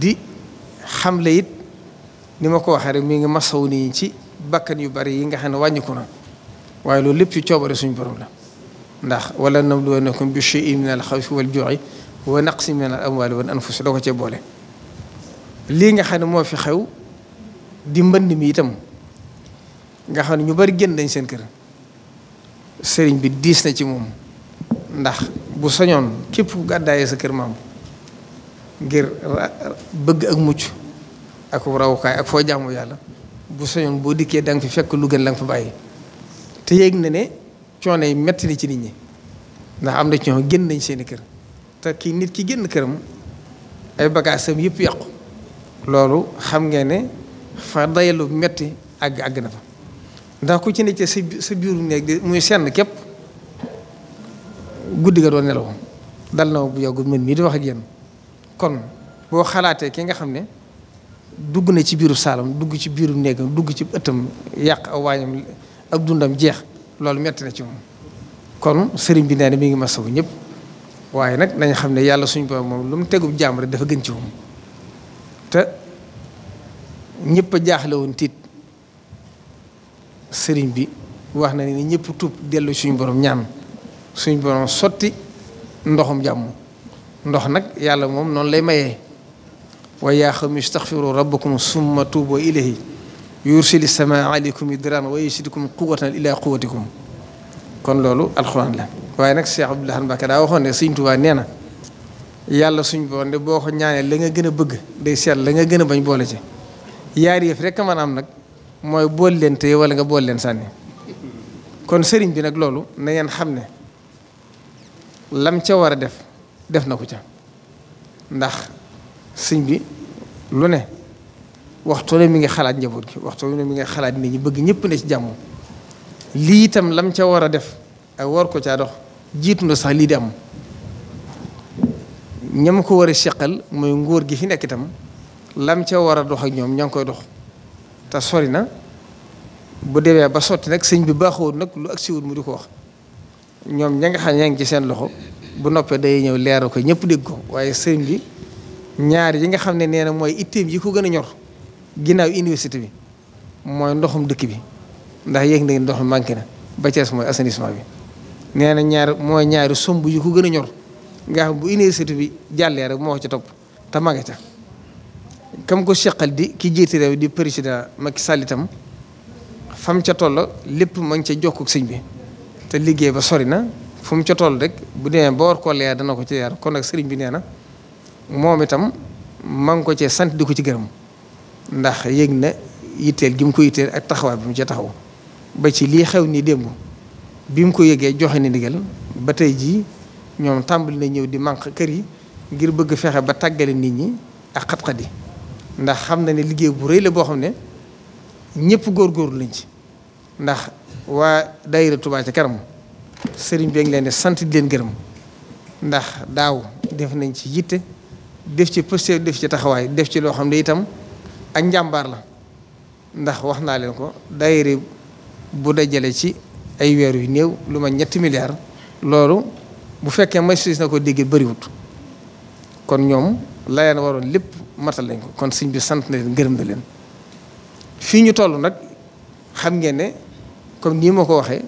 di xam xamle it ni ma ko waxee rek mi ngi masawu nii ci bakkan yu bari yi nga xam ne wàññiku na waaye loolu lépp ci coobare suñu borom la ndax wala nabluwannakum bi shay'in min al xawfi wal ju'i am naqsin min al amwali wal si da ko cee boole lii nga xam ne moo fi xew di mbënd mi itam nga xam ne ñu bari génn dañ seen kër sëriñ bi diis na ci moom ndax bu sañoon képp ku gàddaayee sa kër maam ngir bëgg ak mucc ak rawukaay ak foo jaamu yàlla bu soñoon boo dikkee da nga fi fekk lu gën la nga fa bàyyi te yéeg na ne coono yi metti na ci nit ñi ndax am na ci ñoo génn nañ seeni kër te kii nit ki génn këram ay bagages am yëpp yàqu loolu xam nga ne fa dayalu metti àgg àgg na fa ndax ku ci ne ci sa sa biiru néeg di muy senn képp guddi ga doon nelaw dal na bu yàggu mën mii di wax ak yéen kon boo xalaatee ki nga xam ne dugg na ci biiru saalam dugg ci biiru néegam dugg ci ëttam yàq aw waañam ab dundam jeex loolu metti na ci moom kon sëriñ bi nee na mi ngi ma masawu ñëpp waaye nag nañ xam ne yàlla suñu borom moom lu mu tegu jaam rek dafa gën ci moom te ñëpp a jaaxle woon tiit sëriñ bi wax na ni ñëpp tuub dellu suñ borom ñaan suñu borom sotti ndoxum jàmm ndox nag yàlla moom noonu lay mayee wa yaa qawmi istaghfiru rabbakum summa tuubu ilayhi yursili samaa aleykum idraan wa yasidkum quwwatan ila quwwatikum kon loolu alxuraan la waaye nag Cheikh Abdoul Ahad daa waxoon ne Sëñ nee na yàlla suñ boon de boo ko ñaanee la nga gën a bëgg day seet la nga gën a bañ boole si yaar yëf rek maanaam nag mooy bool leen téye wala nga bool leen sànni kon sëriñ bi nag loolu na ngeen xam ne lam ca war a def def na ko ca ndax sëñ bi lu ne waxtu ne mi ngi xalaat njaboot gi waxtu ne mi ngi xalaat nit ñi bëgg ñëpp ne ci jàmm lii itam lam ca war a def ak war ko caa dox jiitu na sax lii di am ñam ko war a seqal mooy nguur gi fi nekk itam lam ca war a dox ak ñoom ña ngi koy dox te sori na bu demee ba sotti nag sëñ bi baaxoo nag lu agsiwul mu di ko wax ñoom ña ngi xam ña ngi ci seen loxo bu noppee day ñëw leeral ko ñëpp dégg ko waaye sëriñ bi ñaari yi nga xam ne nee na mooy itteem yi ko gën a ñor ginnaaw université bi mooy ndoxum dëkk bi ndax yéeg na ndox mi manqué na ba Cees mooy assainissement bi nee na ñaar mooy ñaari somb yi ko gën a ñor nga xam bu université bi jàllee rek moo ca topp te ma nga ca kam ko seqal di ki jiite réew di président Macky Sall itam fam ca toll lépp mag ca jokk sëñ bi te liggéey ba sori na fu mu ca toll rek bu demee ba war koo leer dana ko ci yar kon nag sëriñ bi nee na moom itam maa ngi ko cee sant di ko ci gërëm ndax yëg na yitteel gi mu ko yitteel ak taxawaay bi mu ca taxaw ba ci lii xew nii démb bi mu ko yéegee joxe ni ndigal ba tey jii ñoom tàmbali na ñëw di manq kër yi ngir bëgg fexe ba tàggale nit ñi ak xat-xat yi ndax xam na ne liggéey bu rëy la boo xam ne ñëpp góorgóorlu lañ ci ndax waa daayira Touba ci kanam sëriñ bi ngi leen di sant di leen gërëm ndax daaw def nañ ci yitte def ci posté def ci taxawaay def ci loo xam ne itam ak njàmbaar la ndax wax naa leen ko daayira bu dajalee ci ay weer yu néew lu ma ñetti milliards loolu bu fekkee maîtrise na ko dégg bariwut kon ñoom la leen waroon lépp matal lañ ko kon sëñ bi sant na leen gërëm na leen fii ñu toll nag xam ngeen ne comme nii moo ko waxee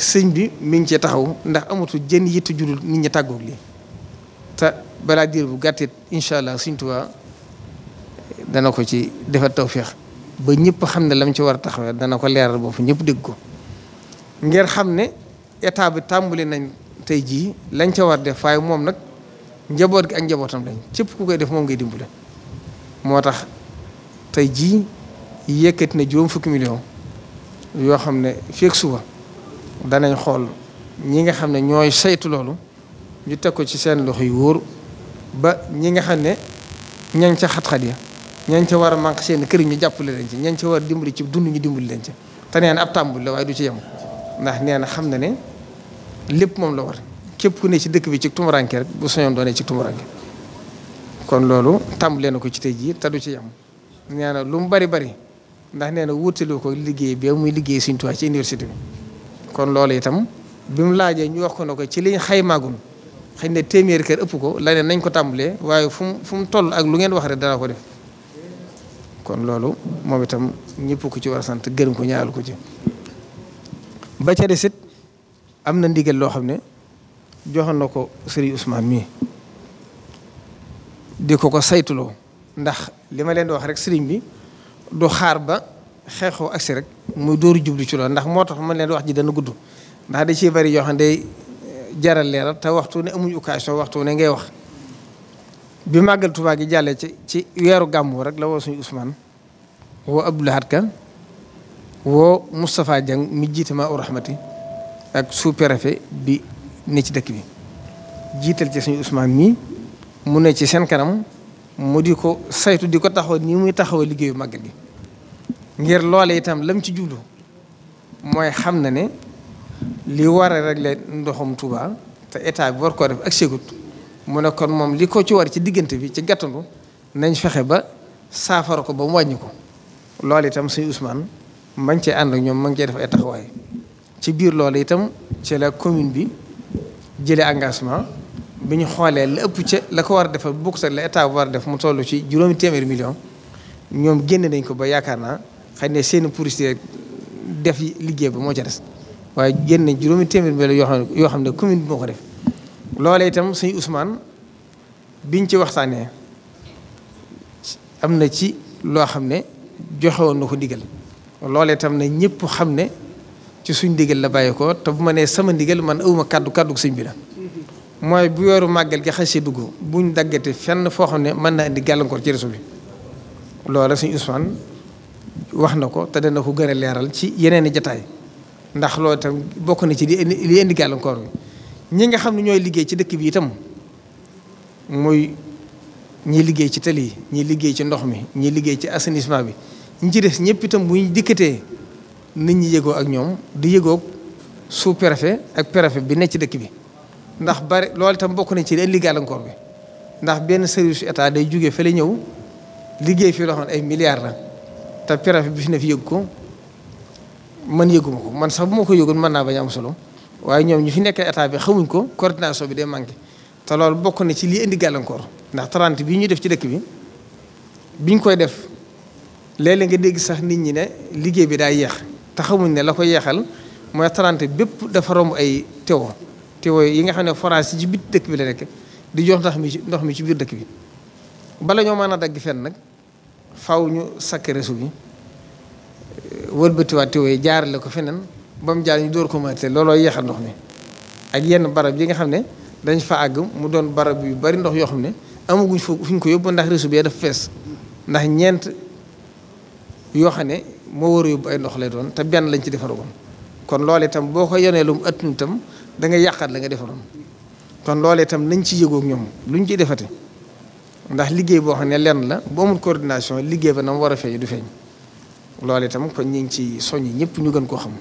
sëñ bi mi ngi cee taxaw ndax amatul jën yitte jurul nit ñi tàggoog lii te balaa diir bu gàttit incha allah sëñ Tuubaa dana ko ci defal feex ba ñëpp xam ne lam ci war a taxawee dana ko leeral boobu ñëpp dégg ko ngeen xam ne état bi tàmbali nañ tey jii lañ ca war def fay moom nag njaboot gi ak njabootam lañ cëpp ku koy def moom ngay dimbale moo tax tey jii yëkkati na juróom fukki million yoo xam ne feeg suba danañ xool ñi nga xam ne ñooy saytu loolu ñu teg ko ci seen loxo yu wóor ba ñi nga xam ne ñañ ca xat-xat ya ñañ ca war a seen kër ñu jàppale leen ci ñañ ca war a dimbali ci dund ñu dimbali leen ci te nee na ab tàmbul la waaye du ci yem ndax nee xam na ne lépp moom la war képp ku ne ci dëkk bi ci tumuranke rek bu soñoon doonee ci tumuranke kon loolu tàmbalee na ko ci tey jii te du ci yem nee na lu mu bari bari ndax nee na wuutaloo ko liggéey bi muy liggéey Sëriñ Tuubaa ci université kon loolu itam bi mu laajee ñu wax ko ne ko ci liñ xaymaagum xëy ne téeméeri kër ëpp ko la nañ ko tàmbalee waaye fu mu fu mu toll ak lu ngeen wax rek dana ko def kon loolu moom itam ñëpp ku ci war a sant gërëm ko ñaal ko ci. ba ca des am na ndigal loo xam ne joxoon na ko Serigne Ousmane mii di ko ko saytuloo ndax li ma leen di wax rek Serigne bi du xaar ba. xeexoo agsi rek muy dóoru jublu ci loolu ndax moo tax man leen wax ji dana gudd ndax da ciy bari yoo xam ne day eh, jaral leeral te waxtu ne amuñu occasion waxtu ne ngay wax bi màggal Tuubaa gi jàllee ci ci weeru gàmmu rek la woo suñu Ousmane woo Abdoulahat Ka woo Moustapha Dieng mi jiite ma rahmati ak sous bi ni ci dëkk bi jiital ci suñu Ousmane mii mu ne ci seen kanam mu di ko saytu di ko taxaw nii muy taxaw liggéeyu màggal gi ngir loole itam lam ci jublu mooy xam na ne li war a régler ndoxum Touba te état bi war koo def ak ségut mu ne kon moom li ko ci war ci diggante bi ci gàttandu nañ fexe ba saafara ko ba mu wàññi ko loolu itam suñu Ousmane ma ngi cee ànd ak ñoom ma ngi cee def ay taxawaay ci biir loolu itam ci la commune bi jëlee engagement bi ñu xoolee la ëpp ca la ko war a defal bokkut ak la état war a def mu tollu ci juróomi téeméeri million ñoom génne nañ ko ba yaakaar naa. xëy na seeni publicité rek def liggéey bi moo ca des waaye génn juróomi téeméer mbir yoo xam ne yoo xam ne commune bi moo ko def. loolee itam sëñ Ousmane biñ ci waxtaanee am na ci loo xam ne joxe na ko digal loolee itam ne ñëpp xam ne ci suñ digal la bàyyi te bu ma nee sama ndigal man awuma kàddu kàddu bi la. mooy bu yoru màggal gi xasee dugg buñ daggate fenn foo xam ne mën na indi gàllankoor ci réseau bi loolu la wax na ko te dana ko gën a leeral ci yeneen i jataay ndax loolu itam bokk na ci li indi li gàllankoor bi ñi nga xam ne ñooy liggéey ci dëkk bi itam muy ñi liggéey ci tali yi ñi liggéey ci ndox mi ñi liggéey ci assainissement bi ñi ci des ñëpp itam bu ñu dikkatee nit ñi yëgoo ak ñoom di yëgoo sous préfet ak préfet bi nekk ci dëkk bi ndax bari loolu itam bokk na ci li indi gàllankoor bi ndax benn service état day jóge fa la ñëw liggéey fii loo ne ay milliards la. te préfet bi fi ne fi yëg ko man yëguma ko man sax bu ma ko yëgoon mën naa bañ am solo waaye ñoom ñi fi nekk état bi xamuñ ko coordination bi day manqué te loolu bokk na ci lii indi gàllankoor ndax 30 bii ñu def ci dëkk bi biñ koy def léeg nga dégg sax nit ñi ne liggéey bi daay yéex te xamuñ ne la ko yeexal mooy 30 bépp dafa romb ay tewo tewo yi nga xam ne forage ci biir dëkk bi la nekk di jox ndox mi ndox mi ci biir dëkk bi bala ñoo mën a dagg fenn nag. faw ñu sakk réseau bi wëlbatiwaat tiwo yi jaarale ko feneen ba mu jaar ñu dóor ko mënatee looloo yéexal ndox mi ak yenn barab yi nga xam ne dañ fa àgg mu doon barab yu bari ndox yoo xam ne amaguñ fa fu ko yóbbu ndax réseau bi dafa fees ndax ñeent yoo xam ne moo war a yóbbu ay ndox lay doon te benn lañ ci defaroon kon loolee itam boo ko yonee lu mu ëtt itam dangay nga la nga defaroon kon loolee itam nañ ci yëgoog ñoom luñ ciy defate ndax liggéey boo xam ne lenn la bu amul coordination liggéey ba na mu war a feeñ du feeñ loolu itam kon ñu ngi ci yi ñëpp ñu gën koo xam